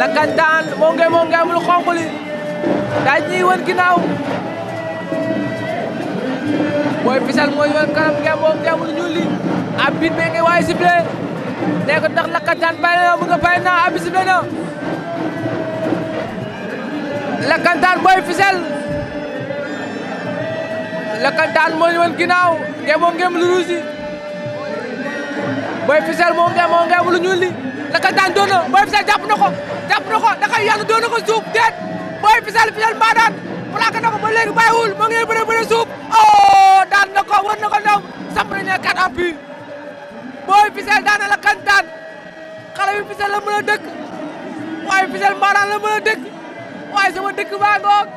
Lakkantaan moo ngi moo ngi amul xonq li daa ñuy wan ginnaaw Boy Fissel mooy wan kanam ngeen moo ngi amul ab biir bee ngay waaye sifflé nee ko Lakkantaan bay na mu nga bay na ab sifflé na Lakkantaan Boy Fissel Lakkantaan moo ñu wan ginnaaw ngeen moo ngi ruusi Boy Fissel moo ngi moo ngi amul Lakkantaan doon Boy Fissel jàpp na jàpp na ko da koy yàlla doon na booy fisal fisal mbaa daan plaqué ba léegi bàyyiwul moo ngi bëre bëre suuf oh daan na ko war na ko ndaw ne kat appui booy fisal daan na la kan daan la mën dëkk waaye fisal mbaa la mën dëkk waaye sama dëkk baa ngoog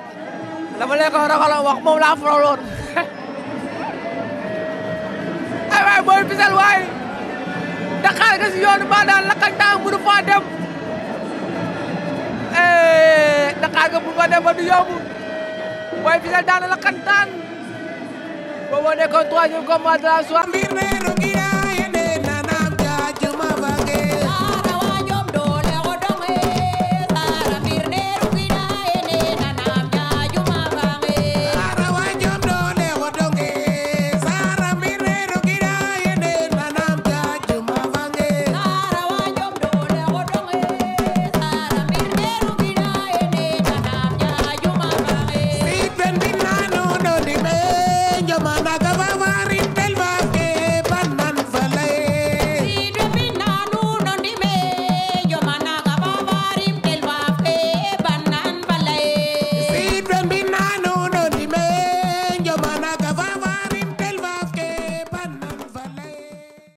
dama leen ko ragala wax moom laa faraloon ay waay booy fisal waaye Dakar nga si yoonu mbaa daan la kan faa dem a bu nga dem ba du yomb Boy Fissel daan na la kan daan boobu nekkoon troisième combat de la soirée.